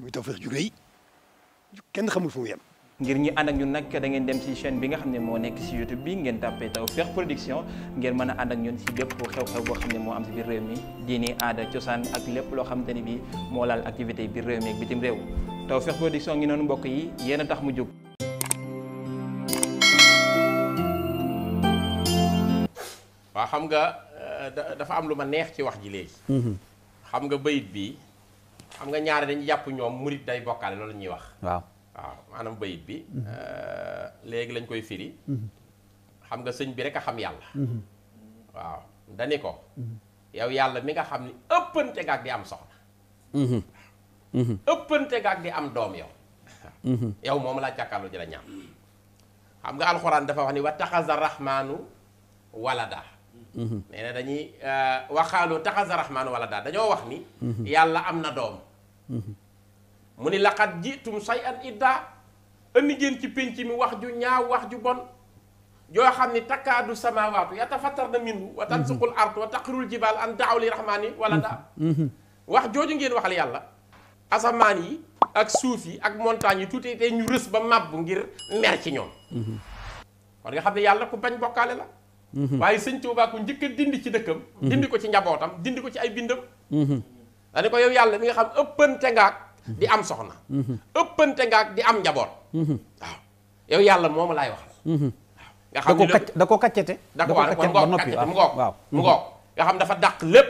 muy Tawfekh ju kenn xamul fu mu ngir ñi ànd ak ñun nag da ngeen dem ci chaîne bi nga xam ne moo nekk ci YouTube bi ngeen tàppee Tawfekh Production ngeen mën a ànd ak ñun ci bépp xew-xew boo xam ne moo am ci biir réew mi diini aada cosaan ak lépp loo xamante ni bi moo laal activité biir réew mi ak bitim réew Tawfekh Production ngi noonu mbokk yi yéen a mu jóg. xam nga euh, dafa am lu ma neex ci wax ji léegi. Mm-hmm. xam nga bayit bi. xam nga ñaare dañu jàpp ñoom murit day bokkaale loolu ñuy wax. waaw waaw maanaam bayit bi. Mhm. Euh, léegi lañ koy firi. Mhm. xam nga sëñ bi rek a xam yàlla. Mhm. waaw dani ko. yow yàlla mi nga xam ni ëppante gaag di am soxna. ëppante gaag di am doom yow. yow moom laa jàkkaarloo ji la ñaam. xam nga alxuraan dafa wax ni wa taxaza rahmaanu walada. nee na dañuy euh, waxaalu taxasa rahmaan wala daal dañoo wax ni yàlla am na doom mu ni laqat jitum say an iddaa andi ngeen ci pénc mi wax ju ñaaw wax ju bon joo xam ni takkaadu samaawaatu yatafattar na minhu wa tansuqul ard wa taqrul jibaal an daaw li rahmaani wala daa wax jooju ngeen waxal yàlla asamaan yi ak suuf yi ak montagne yi tuuti te ñu rës ba màbb ngir mer ci ñoom kon nga xam ne yàlla ku bañ bokkaale la Mm-hmm. waaye sëñ Tuubaa ku njëkk a dindi ci dëkkam mm-hmm. dindi ko ci njabootam dindi ko ci ay bindam mm-hmm. dañu ko yow yàlla mi nga xam ëppante ngaak di am soxna ëppante ngaak di am njaboot waaw yow yàlla moomu laay wax waaw nga xam ko kaccete da ko waaw mu ngoog kaccete mu xam dafa dàq lépp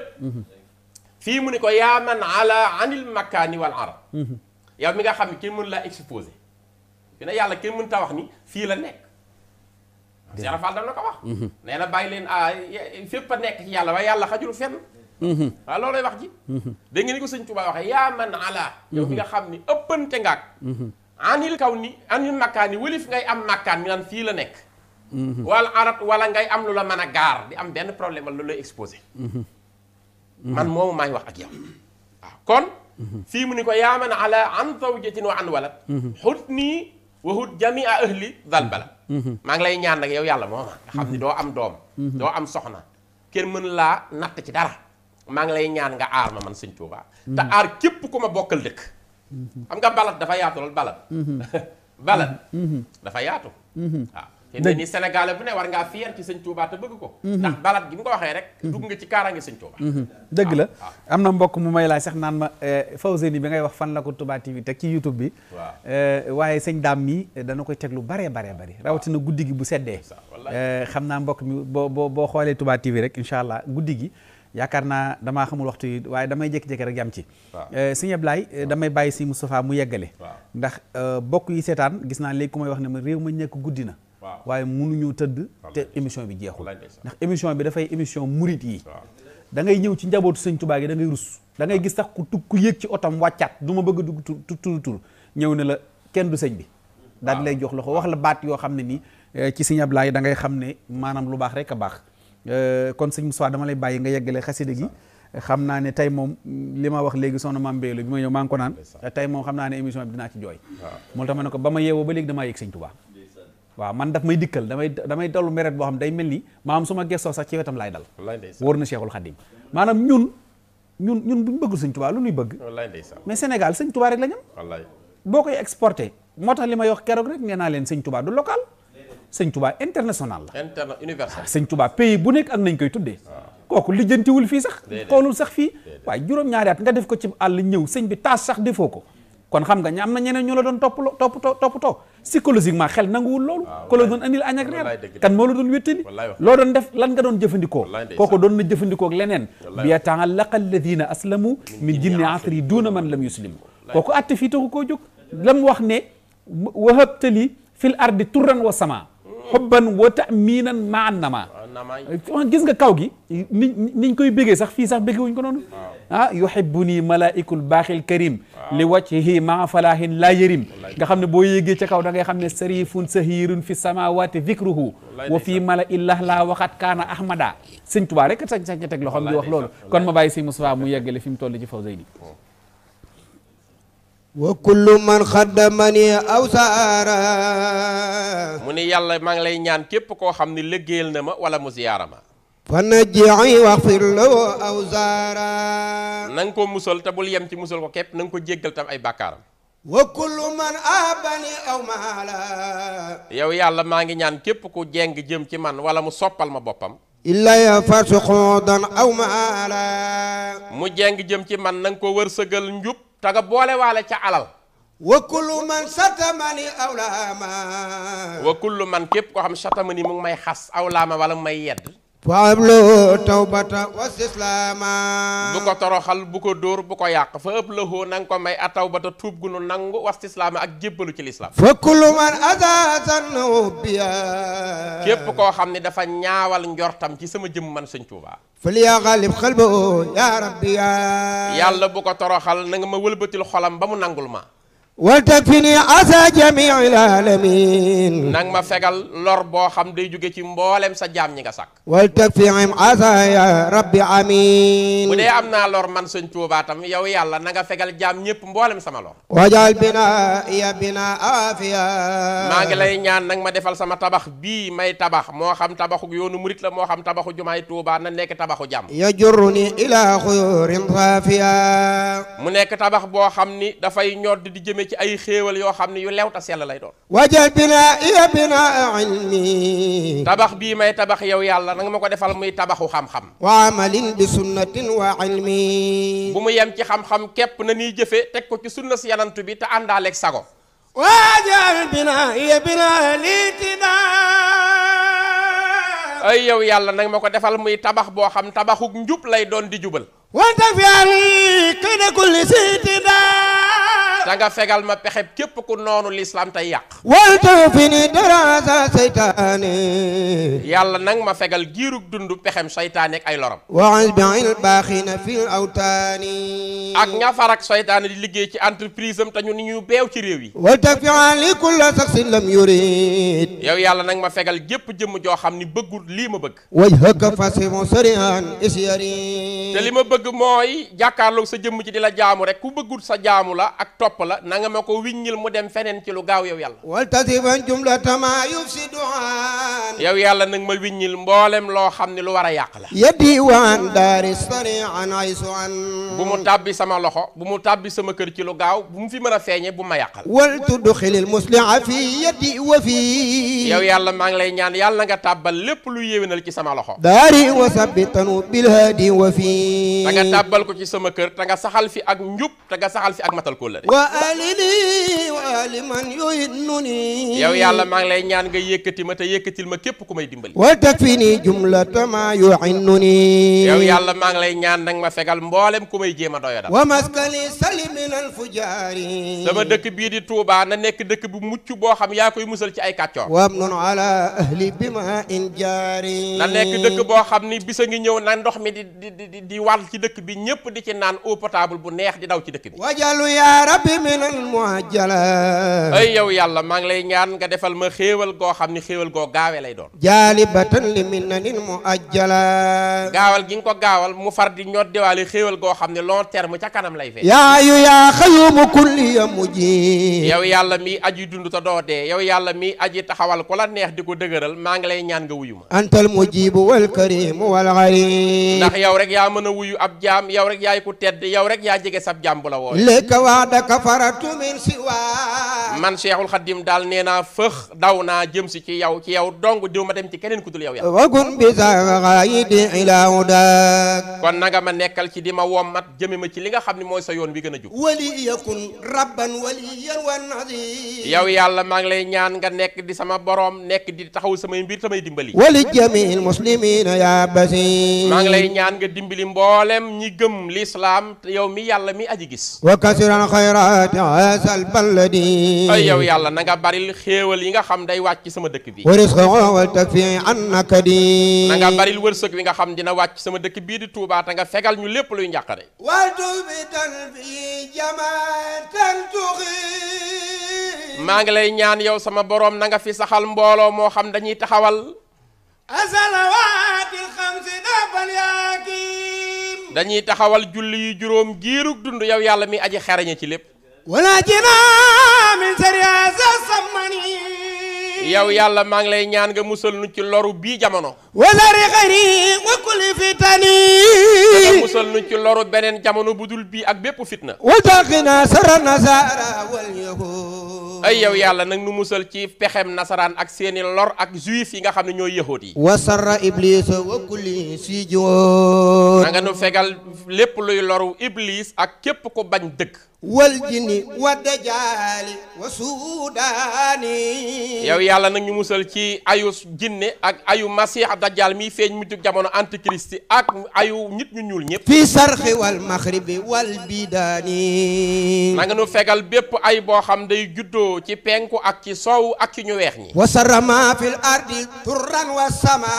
fii mu ni ko yaa man ala anil makkaani wal arab yow mi nga xam ne kenn mën laa exposé fi ne yàlla kenn mën ta wax ni fii la nekk Cheikh Fall dam na ko wax mhm. nee na bàyyi leen a ah, fépp a nekk ci yàlla waaye yàlla xajul fenn mhm. waaw loolay wax ji mhm. dégg ngeen ni ko sëñ Tuubaa waxee yaa man ala yow mi nga xam ni ëppante ngaak anil kaw ni anil makkaan ni wëlif ngay am makkaan ñu naan fii la nekk wala arat wala ngay am lu la man a gaar di am benn problème wala lu lay exposé man moomu maa wax ak yow kon fii mu ni ko yaa ala an zawjatin wa an walad xut nii waxut jami a ahli dal maa ngi lay ñaan nag yow yàlla mooma nga xam ni doo am doom doo am soxna kenn mën laa natt ci dara maa ngi lay ñaan nga aar ma man sëñ Tuubaa te aar képp ku ma bokkal dëkk xam nga balat dafa yaatu lool balat mm-hmm. balat dafa yaatu waaw te ne ni Sénégal bu ne war ngaa fier ci sëñ Touba te bëgg ko mhm. ndax balat gi mu ko waxee rek dugg nga ci kaaraange sëñ Touba mhm. dëgg la am na mbokk mu may laaj sax naan ma eh, Fawzeni bi ngay wax fan la ko Touba TV teg ci YouTube bi waaw eh, waaye sëñ daam mi eh, dana koy teg lu baree bare bari rawatina guddi gi bu seddee xam naa mbokk mi boo boo xoolee Touba TV rek incha allah guddi gi yaakaar naa damaa xamul waxtu yi waaye damay jékki-jékki rek yam ci sëñ Ablaye damay bàyyi si Moustapha mu yeggale ndax bokk yi seetaan gis naa léegi ku may wax ne ma réew ma ñekk guddi na waaye mënuñu tëdd te émission bi jeexul ndax émission bi dafay émission murit yi dangay ñëw ci njabootu sëñ tubaa gi da ngay rus dangay gis sax ku tug ku yéeg ci otom wàccaat du ma bëgg a dugg tur tur tur ñëw ne la kenn du sëñ bi daal lay jox loxo wax la baat yoo xam ne nii eh, ci sëñ Ablaay da ngay xam ne maanaam lu baax rek a baax eh, kon sëñ Moussa dama lay bàyyi nga yeggale xasida gi xam naa ne tey moom li ma wax léegi soxna maam Mbeelu bi ma ñëw maa ngi moom xam naa ne émission dinaa ci jooy moo tax ma ne ko ba ma yeewoo ba léegi damaa yëg sëñ Tuubaa waaw man daf may dikkal damay damay dollu meret boo xam day mel ni maam su ma gestoo sax ci wetam laay dal wóor na Cheikhul Khadim maanaam ñun ñun ñun buñ bëggul sëñ Tuubaa lu ñuy bëgg mais Sénégal sëñ Tuubaa rek la boo koy exporté moo tax li may wax keroog rek nee naa leen sëñ Tuubaa du local sëñ tubaa international la universel sëñ tubaa pays bu nekk ak nañ koy tuddee ah. kooku lijjantiwul fii sax xoolul sax fii waaye juróom-ñaari nga def ko ci àll ñëw sëñ bi taas sax defoo ko kon xam nga ña am na ñeneen ñu la doon topp toppatoo toppatoo psychologiquement xel nanguwul loolu ko la doon andil añ ak reer kan moo la doon wéttali loo doon def lan nga doon jëfandikoo kooku doon na jëfandikoo ak leneen bi yata'allaqa alladina aslamu min jinni asri duuna man lam yuslim ko atte fii taxu koo jóg lam wax ne wa wahabtali fil ardi turran wa sama hubban wa ta'minan ma'an nama Ah, gis nga kaw gi ni niñ koy béggee sax fii sax béggewuñ ko noonu ah yuhibbuni malaikul baaxil karim li wajhihi maa falahin la yërim nga xam ne boo yéegee ca kaw da ngay xam ne sarifun sahirun fi samawati vikruhu wa fii mala illah laa waxat kaana ahmada sëñ tubaa rek sañ sañ teg loxoom di wax loolu kon ma bàyyi si Moussa mu yeggale fi mu toll ci faw zeyni wa kullu man xaddamani aw saara mu ni yàlla maa ngi lay ñaan képp koo xam ni léggéeyal na ma wala mu ziyaara ma fa najii waxfir loo aw saara na nga ko musal tabul yem ci musal ko képp na nga ko jéggal tam ay bàkkaaram wa kullu man abani aw maala yow yàlla maa ngi ñaan képp ko jeng jëm ci man wala mu soppal ma boppam illaya farsu xoodan aw maala mu jeng jëm ci man na nga ko wërsëgal njub taga boole waale ca alal wa kullu man satamani awlaama wa kullu man képp koo xam satamani mu ngi may xas awlaama wala mu may yedd Pablo tawbata wastislaama bu ko toroxal bu ko dóor bu ko yàq fa ëpp la hoo na nga ko may a tawbata tuub gu nu nangu wastislaama ak jébbalu ci lislaam fa kullu man asasan ubbiya képp koo xam ni dafa ñaawal njortam ci sama jëm man sëñ Tuubaa fal yaa xaalib xalbo yaa rabbiya yàlla bu ko toroxal na nga ma wëlbatil xolam ba mu nangul ma wal takfini asa jamiil alamin ma fegal lor boo xam day jóge ci mboolem sa jaam ñi nga sàkk wal takfihim asa ya rabbi amin bu dee am naa lor man sëñ Tuubaa tam yow yàlla nanga fegal jaam ñépp mboolem sama lor wajal bina ya bina afiya maa ngi lay ñaan nang ma defal sama tabax bii may tabax moo xam tabaxu yoonu murit la moo xam tabaxu jumaay Tuubaa na nekk tabaxu jàmm ya jurni ila xuyurin safiya ci ay xéewal yoo xam ne yu lew ta sell lay doon wajal bina iya bina ilmi tabax bii may tabax yow yàlla na nga ma ko defal muy tabaxu xam-xam wa amalin bi sunnatin wa ilmi bu mu yem ci xam-xam képp na niy jëfe teg ko ci sunna si yanantu bi te àndaaleeg sago wajal bina iya bina litina ay yow yàlla na nga ma ko defal muy tabax boo xam tabaxuk njub lay doon di jubal wante am kay da fegal ma pexe képp ku noonu lislaam tey yàq wal tawfini darasa seytaane yàlla nang ma fegal giirug dund pexem seytaane ak ay loram waasbil baaxina fil awtaani ak ña farak seytaane di liggéey ci entreprise am te ñu ni ñu beew ci réew yi wal takfiali kulla saxsin lam yurid yàlla nang ma fegal gépp jëmm joo xam ni bëggul lii ma bëgg waj hëkka fasimo sarian isyari te li ma bëgg mooy jàkkaarloog sa jëmm ci di la jaamu rek ku bëggul sa jaamu la ak topp topp la na nga ma ko wiññil mu dem feneen ci lu gaaw yow yàlla waltasiban jumlatama yufsiduan yow yàlla nag ma wiññil mboolem loo xam ne lu war a yàq la yadi waan daari sarian aysu an bu mu tàbbi sama loxo bu mu tàbbi sama kër ci lu gaaw bu mu fi mën a feeñe bu ma yàqal wal tudxilil musliha fi yadi wa fi yow yàlla maa ngi lay ñaan yàlla nga tàbbal lépp lu yéwénal ci sama loxo daari wa sabitanu bilhaadi wa fi da nga tàbbal ko ci sama kër te nga saxal fi ak njub te nga saxal fi ak matal kóllëre wa alili wa aliman yuhinnuni yow yàlla maa ngi lay ñaan nga yëkkati ma te yëkkatil ma képp ku may dimbali wa takfini jumlata ma yuhinnuni yow yàlla maa ngi lay ñaan nag ma fegal mboolem ku may jéema a doyo dal wa maskani salim min alfujaari sama dëkk bii di Touba na nekk dëkk bu mucc boo xam yaa koy musal ci ay kàccoor wamnun ala ahli bima in jaari na nekk dëkk boo xam ni bisa ngi ñëw na ndox mi di di di wal ci dëkk bi ñëpp di ci naan eau potable bu neex di daw ci dëkk ay yow yàlla maa ngi lay ñaan nga defal ma xéewal goo xam ni xéewal goo gaawe lay doon jaalibatan li minanil muajjala gaawal gi nga ko gaawal mu far di ñoot diwaale xéewal goo xam ne long terme ca kanam lay fee yaayu yaa xayumu yow yàlla mi aji dund te doo dee yow yàlla mi aji taxawal ku la neex di ko dëgëral maa ngi lay ñaan nga wuyu yow rek yaa mën a ab jaam yow rek yaay ku rek yaa jege sab jaam bu faratu min siwa man Cheikhul Khadim daal nee naa fëx daw naa jëm si ci yow ci yow dong diw ma dem ci keneen ku dul yow yàlla wagun bi saxayidi ilaahu dak kon nanga ma nekkal ci di ma wommat jëme ma ci li nga xam ne mooy sa yoon wi gën a jub wali yàlla maa ngi lay ñaan nga nekk di sama borom nekk di taxaw samay mbir samay dimbali wali jamil muslimina ya basi maa ngi lay ñaan nga dimbali mboolem ñi gëm l'islam yow mi yàlla mi aji gis wa وسعة هذا البلد أي yow yàlla na nga baril xéewal yi nga xam day wàcc sama dëkk bi ورزقه والتكفي عن نكدي nga xam dina wàcc sama dëkk bii di Touba nga fegal ñu lépp luy njàqare وتبتل في جماعة تغي maa ngi lay ñaan yow sama boroom na nga fi saxal mbooloo moo xam dañuy taxawal dañuy taxawal julli yu juróom giirug dund yow yàlla mi aji xarañe ci lépp walaajina min sariyaasa samani yow yàlla maa ngi lay ñaan nga musal nu ci loru bii jamono wasari xari wa kulli fitani nga musal nu ci loru beneen jamono bu dul bii ak bépp fitna wasaqina sara nasara wal yahud ay yow yàlla nag nu musal ci pexem nasaraan ak seeni lor ak juif yi nga xam ne ñooy yahood yi wasara iblisa wa kulli si joor na nga nu fegal lépp luy loru iblis ak képp ko bañ dëkk waljini wa dajaali wa suudaani yow yàlla na ñu musal ci ayu jinne ak ayu masiix dajaal miy feeñ mujj jamono antikrist ak ayu nit ñu ñuul ñëpp fii sarxi wal maxribi wal bidaani nanga nu fegal bépp ay boo xam day juddoo ci penku ak ci soow ak ci ñu weex ñi wa sarama fil ardi turran wa sama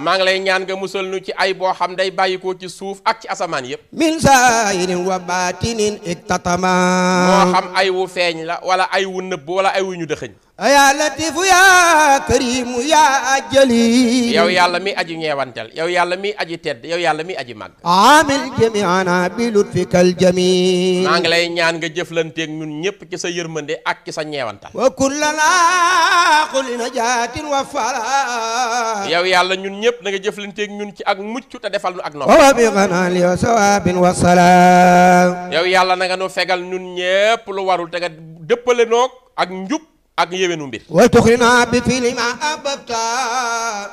maa ngi lay ñaan nga musal nu ci ay boo xam day bàyyikoo ci suuf ak ci asamaan yëpp min zaahirin wa baatinin xatama moo xam ay wu feeñ la wala ay wu nëbb wala ay wu ñu dëxëñ yaa latifu yaa karimu yaa ajali yow yàlla mi aji ñeewantel yow yàlla mi aji tedd yow yàlla mi aji mag amil jamiana bi lutfikal ngi lay ñaan nga jëflanteek ñun ñëpp ci sa yërmande ak ci sa ñeewantal wa kullana qul najatin wa fala yow yàlla ñun ñëpp na nga ñun ci ak mucc te defal nu ak nopp wa bi ganal wa sawabin wa salaam yàlla na nga nu fegal ñun ñëpp lu warul te nga dëppale noog ak njub ak yéwénu mbir way tuxrina bi filima ababta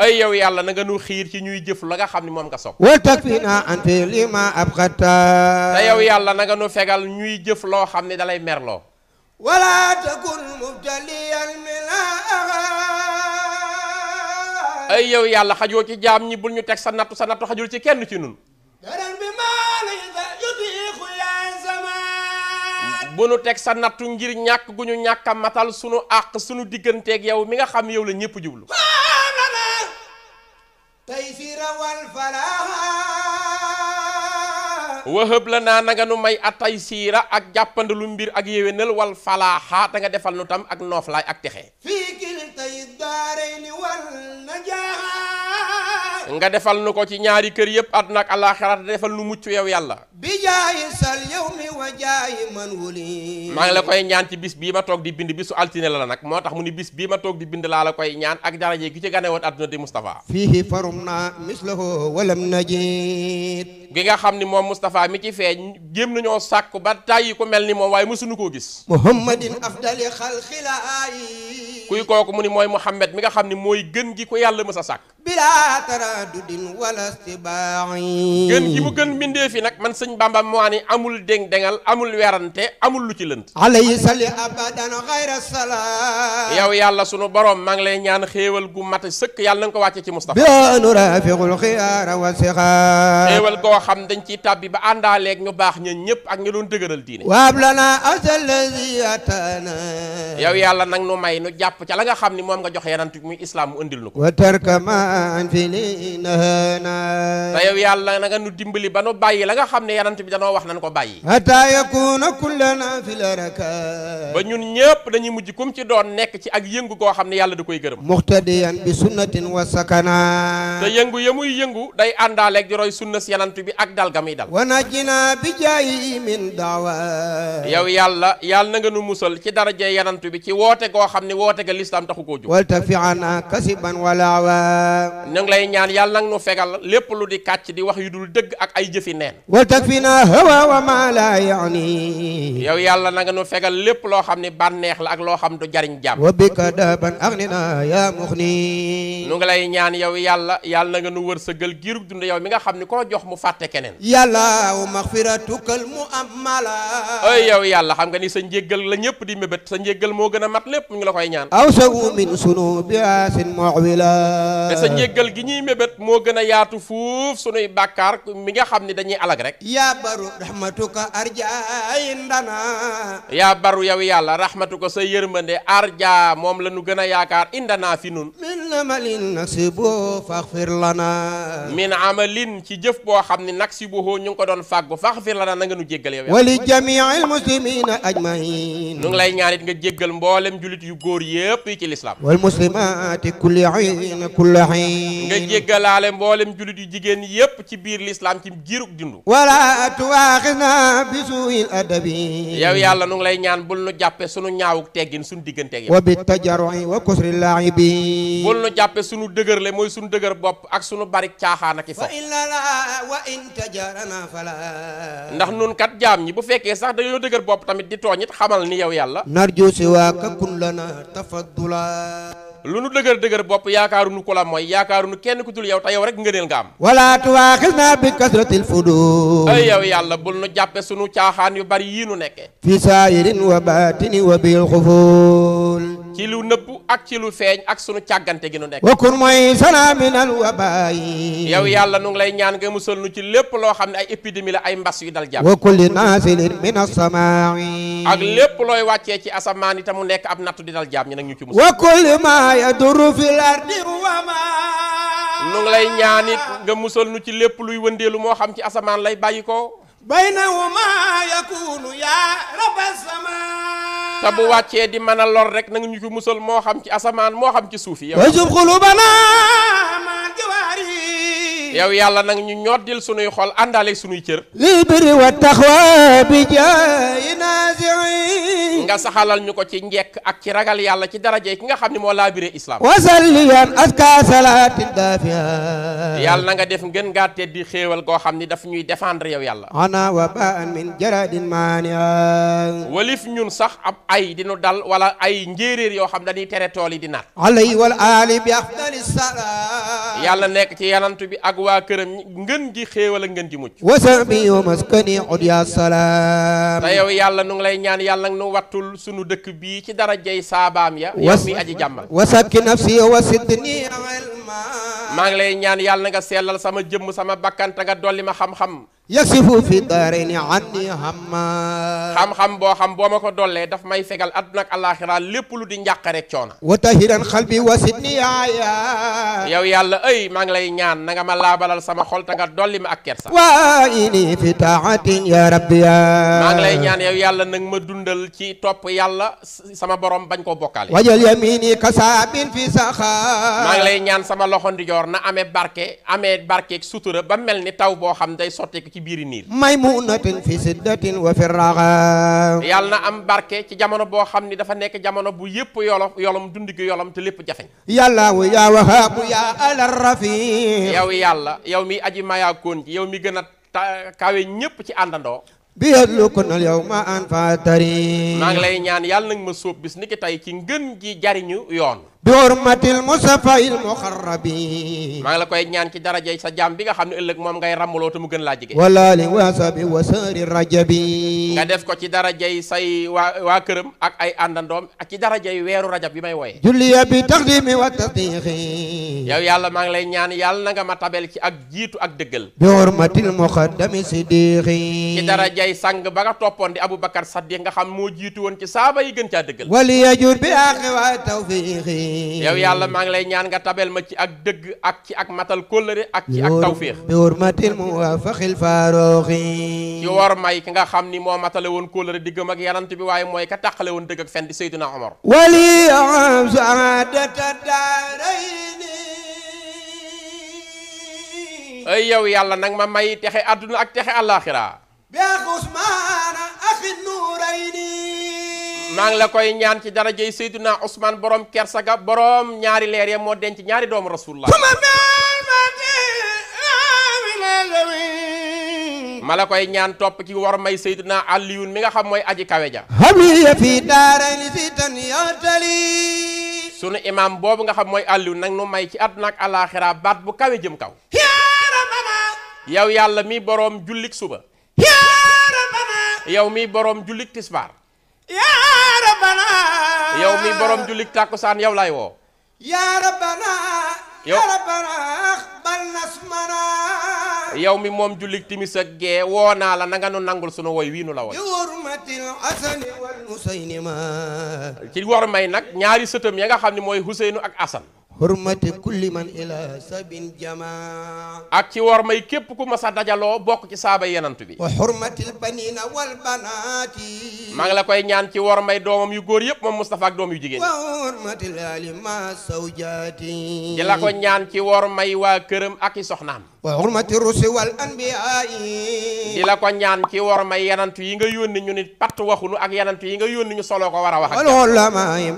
ay yow yàlla na nga nu xiir ci ñuy jëf la nga xam ni moom nga sopp way te yow yàlla na nga nu fegal ñuy jëf loo xam ni dalay merloo wala takun mubtaliyan ay yow yàlla xajoo ci jaam ñi bul ñu teg sa nattu sa nattu xajul ci kenn ci nun bu nu teg sa nattu ngir ñàkk gu ñu ñàkk matal sunu àq sunu digganteek yow mi nga xam yow la ñépp jublu tey fi falaaxa wahëb la naa nanga nu may atay siira ak jàppandalu mbir ak yéwénal wal falaaxa da nga defal nu tam ak nooflaay ak texe nga defal nu ko ci ñaari kër yëpp àdduna ak àllaaxira defal nu mucc yow yàlla bi jaayi sa yow wa jaayi man wuli maa ngi la koy ñaan ci bis bii ma toog di bind bisu altine la nag moo tax mu ni bis bii ma toog di bind laa la koy ñaan ak daraje gi ci gane woon àdduna di Moustapha fiihi farum na mislahu walam najid gi nga xam ni moom Moustapha mi ci feeñ jéem nañoo sàkku ba tàyyi ku mel ni moom waaye mësuñu koo gis muhammadin afdali xalxilaayi kuy kooku mu ni mooy Muhammad mi nga xam ni mooy gën gi ko yàlla mës sàkk taraadudin wala stibaaxi gën gi mu gën mbindee fi nag man sëñ Bamba moo ni amul déng dengal amul werante amul lu ci lënt alayhi sali abadan xayra salaam yow yàlla sunu borom maa ngi lay ñaan xéewal gu mat sëkk yàlla na nga ko wàcce ci Moustapha bi nu rafiqul xiyaara wa sixaar xéewal goo xam dañ ciy tàbbi ba àndaaleeg ñu baax ña ñëpp ak ñu doon dëgëral diine waab lana asalazi atana yow yàlla nag nu may nu jàpp ca la nga xam ni moom nga jox yenant muy islam mu andil nu ko wa tarka ma an fi ni te yow yàlla na nga nu dimbali ba nu bàyyi la nga xam ne yanant bi danoo wax nan ko bàyyi hatta yakuna kullana fil araka ba ñun ñëpp dañuy mujj kum ci doon nekk ci ak yëngu koo xam ne yàlla da koy gërëm muxtadiyan bi sunnatin wa sakana te yëngu ya muy yëngu day àndaaleeg di roy sunna si yanant bi ak dal ga muy dal wa najina bi jaayi min daawa yow yàlla yàlla na nga nu musal ci daraje yanant bi ci woote koo xam ne woote ga lislaam taxu koo jóg waltafiana kasiban walawa ñu ngi lay ñaan yàlla nag nu fegal lépp lu di kàcc di wax yu dul dëgg ak ay jëfi neen wal takfina hawa wa ma la yaani yow yàlla nanga nu fegal lépp loo xam ne bànneex la ak loo xam du jariñ jàmm wa bika daban aghnina ya mughni nu ngi lay ñaan yow yàlla yàlla na nga nu wërsëgal giirug dund yow mi nga xam ne ko jox mu fàtte keneen yàlla wa maghfiratukal mu'ammala ay yow yàlla xam nga ni sa njéggal la ñëpp di mébét sa njéggal moo gën a mat lépp mu ngi la koy ñaan aw bët moo gën a yaatu fuuf sunuy bàkkaar mi nga xam ne dañuy alag rek yaa baru rahmatuka arjaay ndana yaa baru yow yàlla rahmatuka sa yërmande arja moom la ñu gën a yaakaar indana fi nun min amalin nasibu faxfir lana min amalin ci jëf boo xam ne nasibuhu ñu ngi ko doon fàggu faxfir lana na nga nu jéggal yow wali jamiil muslimina ajmain nu ngi lay ñaanit nga jéggal mboolem julit yu góor yëpp yi ci lislaam wal muslimaati kulli ayn kulli ayn nga jéggal digalaale mboolem julit yu jigéen yépp ci biir lislaam ci giirug dundu wala tuwaaxina bi suuil adabi yow yàlla nu ngi lay ñaan bul nu jàppe sunu ñaawuk teggin sunu diggante ak yow wa bi wa kusri jàppe sunu dëgër le mooy sunu dëgër bopp ak sunu bari caaxaanaki ak i fo wa ndax nun jaam ñi bu fekkee sax dañoo dëgër bopp tamit di tooñit xamal ni yow yàlla narju siwaaka kun lana tafaddula lu nu dëgër dëgër bopp yaakaaruñu ku la mooy yaakaaruñu kenn ku dul yow te yow rek ngëneel nga am wala tuwaaxisna bi kasratil fudu ay yàlla bul nu jàppe sunu caaxaan yu bari yii nu nekke fi saayirin wa baatini wa bil xuful ci lu nëbb ak ci lu feeñ ak sunu càggante gi nu nekk wakkun mooy salaaminal wabaayi yow yàlla nu ngi lay ñaan nga musal nu ci lépp loo xam ne ay épidémie la ay mbas yu dal jàpp wa kulli naasilin min asamaai ak lépp looy wàccee ci asamaan itam mu nekk ab nattu di dal jàpp ñu nag ñu ci musal wa kulli ngi lay ñaan nga musal nu ci lépp luy wëndeelu moo xam ci asamaan lay bàyyi ko baynahuma yakunu yaa rabba sama te bu wàccee di mën a lor rek na nga ñu ko musal moo xam ci asamaan moo xam ci suuf yi. yow wajub xulubana yow yàlla nanga ñu ñoddil sunuy xol àndaale sunuy cër. lii bëri wa taxwa bi jaay naasi nga saxalal ñu ko ci njekk ak ci ragal yàlla ci daraje ki nga xam ne moo laabiree islam. wasalliyan aska salaatin daafia. yàlla na nga def ngeen ngaa teddi xéewal goo xam ni daf ñuy défendre yow yàlla. ana wa baan min jaradin maania. walif ñun sax ab ay dinu dal wala ay njéeréer yoo xam dañuy tere tool yi di naat. yàlla nekk ci yanantu bi ak. waa këram ngën gi xéewal ak ngën gi mucc wasabi wa maskani udya salaam te yow yàlla nu ngi lay ñaan yàlla nu wattul sunu dëkk bii ci darajey saabaam ya yow mi aji jàmmal wasabki nafsi wa sidni maa ngi lay ñaan yàlla nga sellal sama jëmm sama bakkan te nga dolli ma xam-xam yasifu fi daarayni anni hamma xam-xam boo xam boo ma ko dollee daf may fegal àdduna ak lépp lu di njàqare coona wa tahiran xalbi wa sidni yaaya yow yàlla ay maa ngi lay ñaan na ma laa laabalal sama xol te nga dolli ma ak fi taatin ya rabbi ya maa ngi lay ñaan yow yàlla nag ma dundal ci topp yàlla sama borom bañ koo bokkaale. wajal yamini kasaabin fi saxa. maa ngi lay ñaan sama loxo ndijoor na amee barke amee barkeeg sutura ba mel ni taw boo xam day sotteeku ci biiri niir. maymunatin fi siddatin wa fi raxa. yàlla am barke ci jamono boo xam ni dafa nekk jamono bu yëpp yolo yolom dund gi te lépp jafeñ. rafi. yow yàlla. yàlla yow mi aji mayaakoon ji yow mi gën a kawe ñépp ci àndandoo bi lu ko nal yow ma an fa tari maa lay ñaan yàlla nag ma sóob bis ni ki tey ci ngën ji jariñu yoon bi hurmatil musafayil muxarrabi maa ngi la koy ñaan ci darajey sa jaam bi nga xam ne ëllëg moom ngay rammaloo te mu gën laa jege walaali wasabi wasaari rajabi nga def ko ci darajey say waa waa këram ak ay àndandoom ak ci darajey weeru rajab bi may wooye julliya bi taqdimi wa tasdiqi yow yàlla maa ngi lay ñaan yàlla na nga ma tabel ci ak jiitu ak dëggal bi hurmatil muqaddami sidiqi ci darajey sang ba nga toppoon di abu aboubacar saddiq nga xam moo jiitu woon ci saaba yi gën caa yow yàlla maa ngi lay ñaan nga tabel ma ci ak dëgg ak ci ak matal kóllëre ak ci ak tawféex bi warmatil muwaafaqil faaroxi ci war may ki nga xam ni moo matale woon kóllëre diggam ak yanant bi waaye mooy ka tàqale woon dëgg ak fen di Seydina Omar wali am saadata daarayni ay yow yàlla nag ma may texe àdduna ak texe àllaaxira bi Usmaan axi nuurayni maa ngi la koy ñaan ci dara darajey Seydina boroom borom kersaga borom ñaari leer ya moo denc ñaari doomu rasulullah ma la koy ñaan topp ci war may Seydina Aliyun mi nga xam mooy aji kawe ja hamiya sunu imam boobu nga xam mooy Aliyun nag nu may ci àdduna ak alaaxira baat bu kawe jëm kaw yow yàlla mii boroom jullik suba yow mii boroom jullik tisbaar rabbana yow mi borom jullit tàkkusaan yow laay woo yaa rabbana yaa rabbana aqbal nasmana yow mi moom jullit timis ak gee woo naa la nanga nu nangul sunu woy wiinu nu la woy ci war may nag ñaari sëtam ya nga xam ne mooy Huseynu ak Asan xurmati kulli man ila sabin jamaa ak ci wor may képp ku mas a dajaloo bokk ci saaba yenant bi wa xurmatil banina wal banaati maa ngi la koy ñaan ci wor may doomam yu góor yëpp moom Moustapha ak doom yu jigéen wa xurmatil alima sawjaati di la ko ñaan ci wor may waa këram ak i soxnaam wa hurmati rusul wal anbiyaa di la ko ñaan yi nga yónni ñu nit patt waxunu ak yanantu yi nga yónni ñu solo ko war a wax ak ulamaay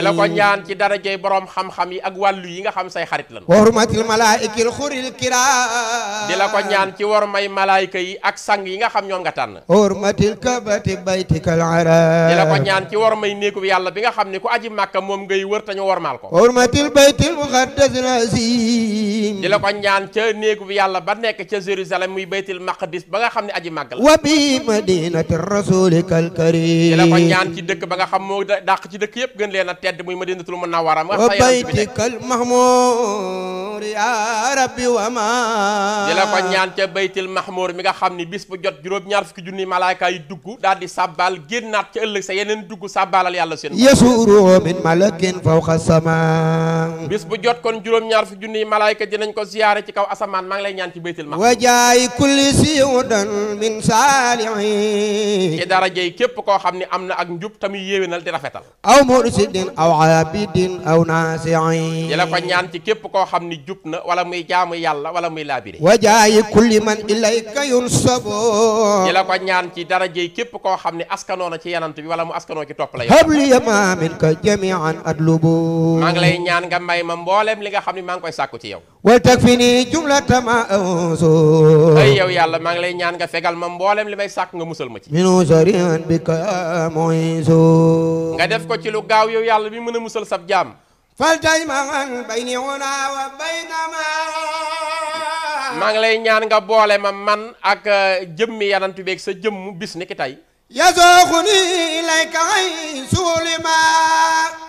la ko ñaan ci darajey borom xam-xam yi ak wàllu yi nga xam say xarit lan wa hurmatil malaa'ikil xuril kiraam di la ko ñaan ci wor may malaayka yi ak sang yi nga xam ñoom nga tànn hurmatil kabati baytikal araam di la ko ñaan ci wor may néegub yàlla bi nga xam ne ko aji màkka moom ngay war tañu wormaal ko hurmatil baytil muqaddasil aziim la ko ñaan ca néegu bi yàlla ba nekk ca Jérusalem muy baytil maqdis ba nga xam ni aji màgg la wa bi madinati rasulikal karim ci la ko ñaan ci dëkk ba nga xam moo dàq ci dëkk yépp gën leen a tedd muy madinatul munawwara wa baytikal mahmur ya rabbi wa ma ci la ko ñaan ca baytil mahmur mi nga xam ne bis bu jot juróom-ñaar fukki junni malaaka yi dugg daal di sàbbaal génnaat ca ëllëg sa yeneen dugg sàbbaalal yàlla seen yasuru min malakin a sama bis bu jot kon juróom-ñaar fukki junni malaaka dinañ ko ko ziyaare ci kaw asamaan maa ngi lay ñaan ci baytil ma wajaay kulli siwdan min saalihin ci darajey képp koo xam ne am na ak njub tamuy yéwénal di rafetal aw mursidin aw abidin aw naasiin di la ko ñaan ci képp koo xam ni jub na wala muy jaamu yàlla wala muy laabire wajaay kulli man ilayka yunsabu di la ko ñaan ci darajey képp koo xam ne askanoo na ci yanant bi wala mu askanoo ci topp la habli ma minka jamian adlubu maa ngi lay ñaan nga may ma mboolem li nga xam ne maa ngi koy sàkku ci yow takfini jumlata ma awso ay yow yàlla maa ngi lay ñaan nga fegal ma mboolem li may sàkk nga musal ma ci minu sarian bi ka moyso nga def ko ci lu gaaw yow yàlla bi mën a musal sab jaam fal tay ma an maa ngi lay ñaan nga boole ma man ak uh, jëmmi yanantu beeg sa jëmm bis ni ki tey yasooxuni ilayka ay suulima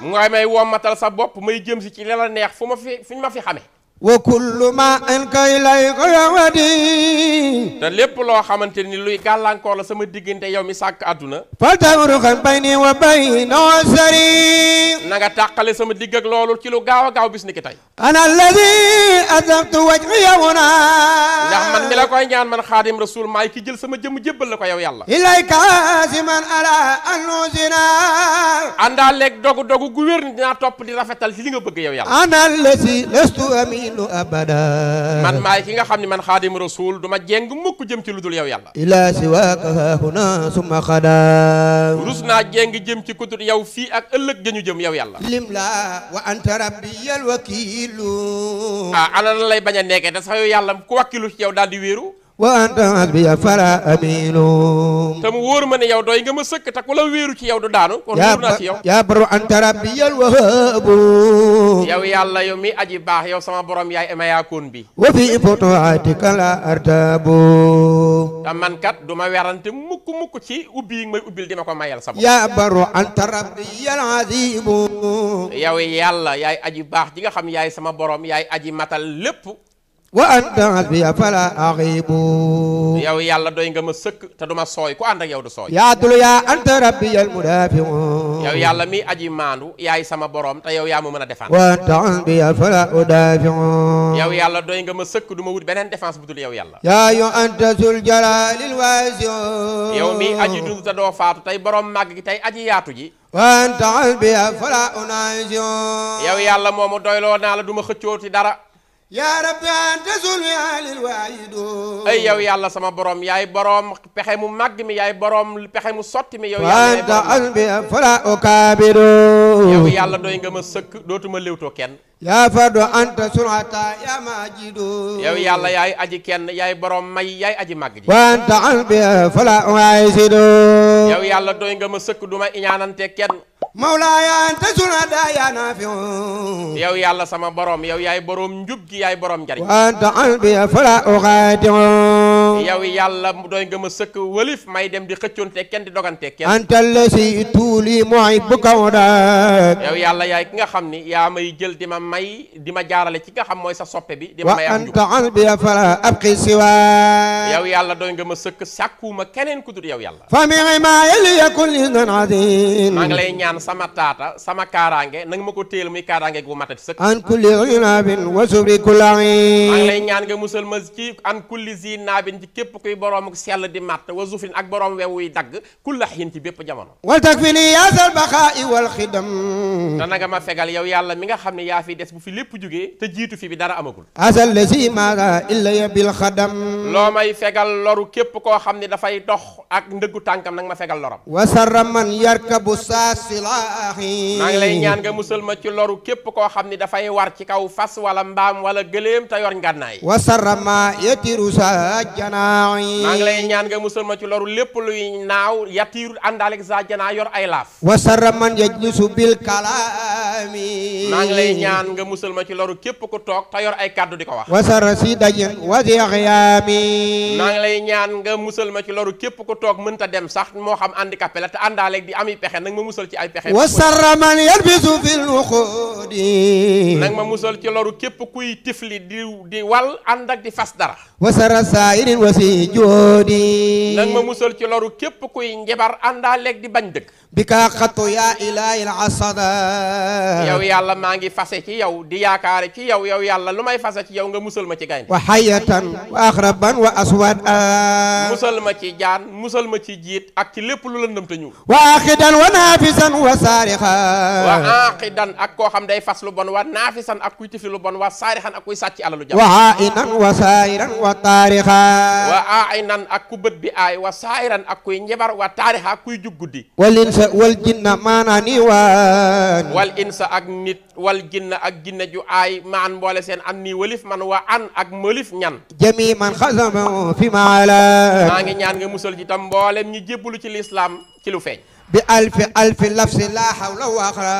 mu ngay may wommatal sa bopp may jëm si ci li la neex fu ma fi fu ñu ma fi xame wa kullu ma an kay lay xawadi te lépp loo xamante ni luy gàllankoor la sama diggante yow mi sàkk àdduna fal tawruxan bay ni wa bay noo sari na nga tàqale sama digg ak loolu ci lu gaaw a gaaw bis ni ki tey ana alladi aslamtu wajhiya huna ndax man mi la koy ñaan man xaadim rasul maay ki jël sama jëmm jébbal la ko yow yàlla ilayka siman ala anusina àndaa leeg dogu dogu gu wér ni dinaa topp di rafetal ci li nga bëgg yow yàlla ana alladi lastu aminu abada man maay ki nga xam ne man xaadim rasul du ma jeng mukk jëm ci lu dul yow yàlla ila siwaaka huna summa xada rus naa jeng jëm ci ku dul yow fii ak ëllëg dañu jëm yow yàlla yàlla lim la wa anta rabbiyal wakiilu ah ala la lay bañ a nekkee te sax yow yàlla ku wakkilu ci yow daal di wéeru wa anta hasbiya fala amilu. te wóor ma ne yow doy nga ma sëkk te ku wéeru ci yow du daanu. kon wóor naa ci yow yaa baru anta rabbiyal wahaabu. yow yàlla yow mi aji baax yow sama borom yaay ema yaakoon bi. wa fi futuhaatika la artaabu. te man kat du ma werante mukk mukk ci ubbi may ubbil di ma ko mayal sa bopp. baru anta rabbiyal aziibu. yow yàlla yaay aji baax ji nga xam yaay sama borom yaay aji matal lépp. wa anta hasbiya fala axibu yow yàlla doy nga ma sëkk te duma sooy ku ànd ak yow du sooy yaa dulu yaa anta yàlla mi aji maandu yaay sama borom te yow yaa ma mën a défendre wa anta yàlla doy nga ma sëkk du ma wut beneen défense bu dul yàlla yaa yo anta zul jalalil wasion yow mi tey borom màgg gi tey aji yaatu ji wa anta hasbiya fala unasion yow yàlla moomu doyloo naa la du ma xëccoo ci dara yaa rabbi anta sul waalil waalidoon ay yow yàlla sama borom yaay borom pexe mu màgg mi yaay borom pexe mu sotti mi. yow yàlla doy nga ma sëkk dootuma léwtoo kenn. yaa fardu anta sunata yaa maajidu yow yàlla yaay aji kenn yaay borom may yaay aji màgg ji. wa anta albi fala uaysidu yow yàlla doy nga ma sëkk du ma iñaanante kenn. mawlaaya anta sunada yaa naafiu yow yàlla sama boroom yow yaay boroom njub gi yaay boroom njariñ wa anta albi fala uqatiu yow yàlla doy nga ma sëkk wëlif may dem di xëccoonte kenn di dogante kenn anta lasi tuuli muhibbu kawdak yow yàlla yaay ki nga xam ni yaa may jël di ma may di ma jaarale ci nga xam mooy sa soppe bi di ma may am njub yàlla doy nga ma sëkk sàkkuuma keneen ku dul yàlla fa mi ma li nan azim maa sama taata sama kaaraange nanga ma ko téel muy kaaraange gu matati sëkk an kulli zinaabin wa subri kulai maa ngi lay musal ma ci an kulli zinaabin ci képp kuy boroom sell di matt wa zufrin ak boroom wewuy dagg kulla xiin ci bépp jamono wal takfini yaasal baxaai te nanga ma fegal yow yàlla mi nga xam ne yaa fi des bu fi lépp jógee te jiitu fi bi dara amagul asal la si maara illa loo may fegal loru képp koo xam ni dafay dox ak ndëggu tànkam nag ma fegal wa wasarra man yarkabu saa silaahi maa ngi lay ñaan nga musal ma ci loru képp koo xam ni dafay war ci kaw fas wala mbaam wala gëléem te yor ngànnaay wasarra ma yatiru saa janaayi maa ngi lay ñaan nga musal ma ci loru lépp luy naaw yatiru àndaaleeg sa janaa yor ay laaf wasarra man yajlisu bil kalaami maa ngi lay ñaan nga musal ma ci loru képp ko toog te yor ay kàddu di ko wax maa ngi musal ma ci loru képp ku toog mënta dem sax moo xam handicapé la te àndaaleeg di ami pexe nag ma musal ci ay pexe wasarra man yalbisu fil uqudi nag ma musal ci loru képp kuy tifli di di wal ànd ak di fas dara wasarra sairin wasi joodi nag ma musal ci loru képp kuy njabar àndaaleeg di bañ dëgg bi kaa xattu yaa ilahi al asada yow yàlla maa ngi fase ci yow di yaakaare ci yow yow yàlla lu may fase ci yow nga musal ma ci gaynde wa hayatan wa wan wa aswad ah. musal ma ci jaan musal ma ci jiit ak ci lépp lu lëndëm te ñuul wa aqidan wa naafisan wa saarixa wa aqidan ak koo xam day fas lu bon wa naafisan ak kuy tifli lu bon wa saarixan ak kuy sàcc alalu jàmm wa ainan wa saairan wa taarixa wa ainan ak ku bët bi aay wa saairan ak kuy njabar wa taarixa ak kuy jug guddi wal insa wal jinna maanaa ni waan wal insa ak nit wal jinna ak jinna ju aay maan mboole seen an nii walif man wa an ak mëlif ñan jami man xasa aslama fi ma ala maa ngi ñaan nga musal ji tam mboolem ñi jébbalu ci lislaam ci lu feeñ bi alfi alfi lafsi laa hawla wala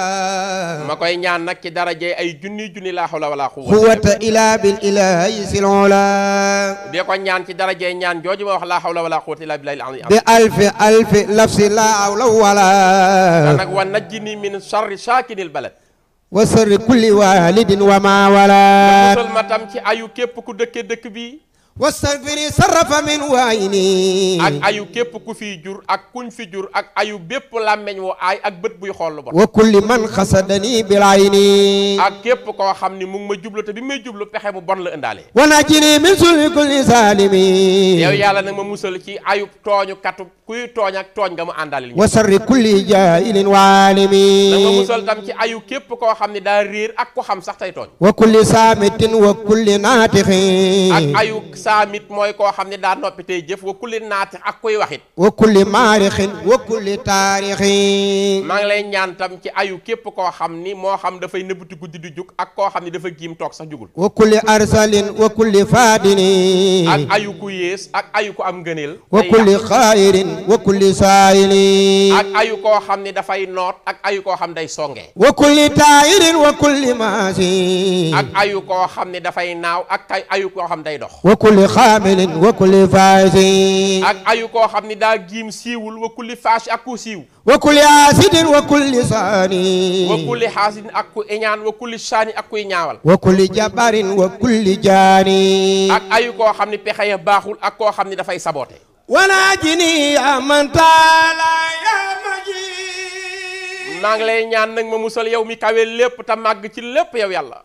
ma koy ñaan nag ci daraje ay junni junni laa hawla wala quwwata illa bil ilahi silula de ko ñaan ci daraje ñaan jooju ma wax laa hawla wala quwwata illa billahi al-azim bi alfi alfi lafsi laa hawla wala nag wa najjini min sharri sakinil balad wa sharri kulli walidin wa ma wala musal ma tam ci ayu képp ku dëkke dëkk bi wastagfiri sarrafa min waayini ak ayu képp ku fi jur ak kuñ fi jur ak ayu bépp làmmeñ wu aay ak bët buy xool lu bon wa kulli man xasadani bil ayni ak képp koo xam ni mu ma jublu te bi may jublu pexe bu bon la indaale wa najini min suli kulli zalimi yow yàlla na ma musal ci ayub tooñu katu ak tooñ nga mu àndaalil wa sarri kulli jaahilin waalimi ci ayu képp koo xam ni daa réer ak ko xam sax tey tooñ wa kulli saamitin wa kulli naatixin ak ayu saamit mooy koo xam ne daa noppi tey jëf wa kulli naati ak kuy waxit wa kulli maarixin wa kulli taarixin maa ngi lay ñaan ci ayu képp koo xam ni moo xam dafay nëbbati guddi di jug ak koo xam ne dafa giim toog sax jugul wa kulli arsalin wa kulli faadini ak ayu ku yées ak ayu am ngëneel wa kulli xaayirin wa kulli saayilin ak ayu koo xam ne dafay noot ak ayu koo xam day songe wa kulli taayirin wa kulli maasi ak ayu xam ne dafay naaw ak ayu xam day dox kulli xaamilin wa kulli faasi koo xam ni daa giim siiwul wa kulli faasi ak ku siiw wa kulli aasidin wa koo xam ni pexe baaxul ak koo xam ni dafay saboote wanaa ji ni amantaala yaa maji maa ngi lay ñaan nag ma musal yow mi kawe lépp te màgg ci lépp yow yàlla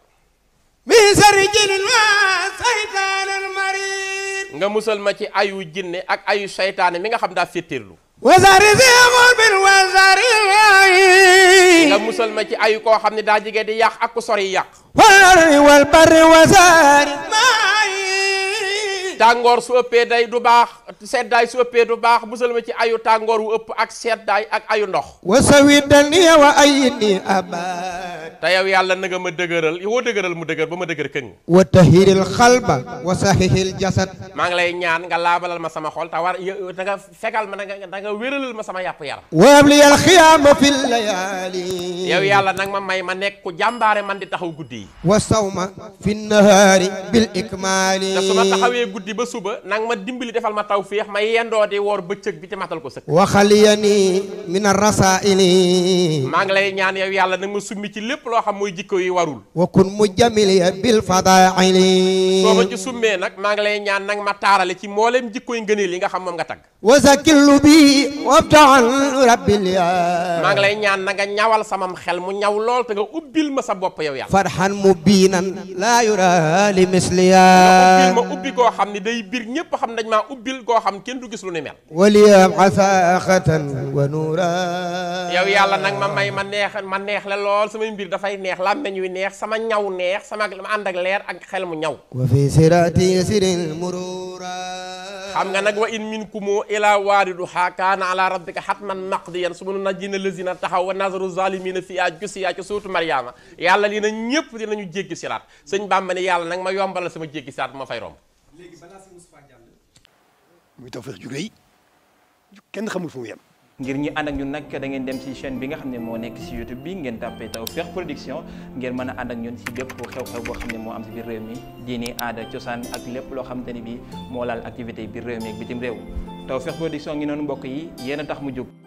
nga musal ma ci ayu jinne ak ayu seytaane mi nga xam daa féttéerlu nga musal ma ci ayu koo xam ne daa jege di yàq ak ku sori yàq wal barri wa saari tàngoor su ëppee day du baax seddaay su ëppee du baax musal ma ci ayu tàngoor wu ëpp ak seddaay ak ayu ndox wa wasawi dani wa ay ni abad te yow yàlla na ma ma dëgëral woo dëgëral mu dëgër ba ma dëgër këng wa tahiril xalba wa sahihil jasad maa ngi lay ñaan nga laabalal ma sama xol te war da fegal ma da nga wéralal ma sama yàpp yaram wa abliyal xiyaama fil layaali yow yàlla nag ma may ma nekk ku jàmbaare man di taxaw guddi yi wa sawma fi nahaari guddi ba suba nang ma dimbali defal ma tawfiix ma yendoo di woor bëccëg bi te matal ko sëkk waxaliyani min arrasaili maa ngi lay ñaan yow yàlla nag ma summi ci lépp loo xam mooy jikko yi warul wa kun mu jamilia bil fadaili soo ma ci summee nag maa ngi lay ñaan nag ma taarale ci mboolem jikko yi ngëneel yi nga xam moom nga tagg wasakillu bi wabtaan rabbil maa ngi lay ñaan na nga ñawal samam xel mu ñaw lool te sa bopp yow yàlla farhan mubinan la yura li misliya ubbil ni day bir ñépp xam nañ ma ubbil koo xam kenn du gis lu ni mel waliyam asaqatan wa nuura yow yàlla nag ma may ma neex ma neex la lool samay mbir dafay neex làmmeñ wi neex sama ñaw neex sama ma ànd ak leer ak xel mu ñaw wa fi sirati yasiril murura xam nga nag wa in minkumu ila waariduha kaana ala rabbika hatman maqdiyan su munu najjina lazina taxaw wa nazaru zalimina fi a jusiya ci suutu Maryama yàlla lii na ñépp dinañu jéggi siraat sëñ Bàmba ne yàlla nag ma yombalal sama jéggi siraat ma fay romb léegi balaa si Moustapha jàll. muy Tawfekh ju rëy kenn xamul fu mu ngir ñi ànd ak ñun nag da ngeen dem ci chaîne bi nga xam ne moo nekk si YouTube bi ngeen tàppee Tawfekh Production ngeen mën a ànd ak ñun si bépp xew-xew boo xam ne moo am si biir réew mi diini aada cosaan ak lépp loo xamante ni bi moo laal activité biir réew mi ak bitim réew Tawfekh Production ngi noonu mbokk yi yéen tax mu jóg.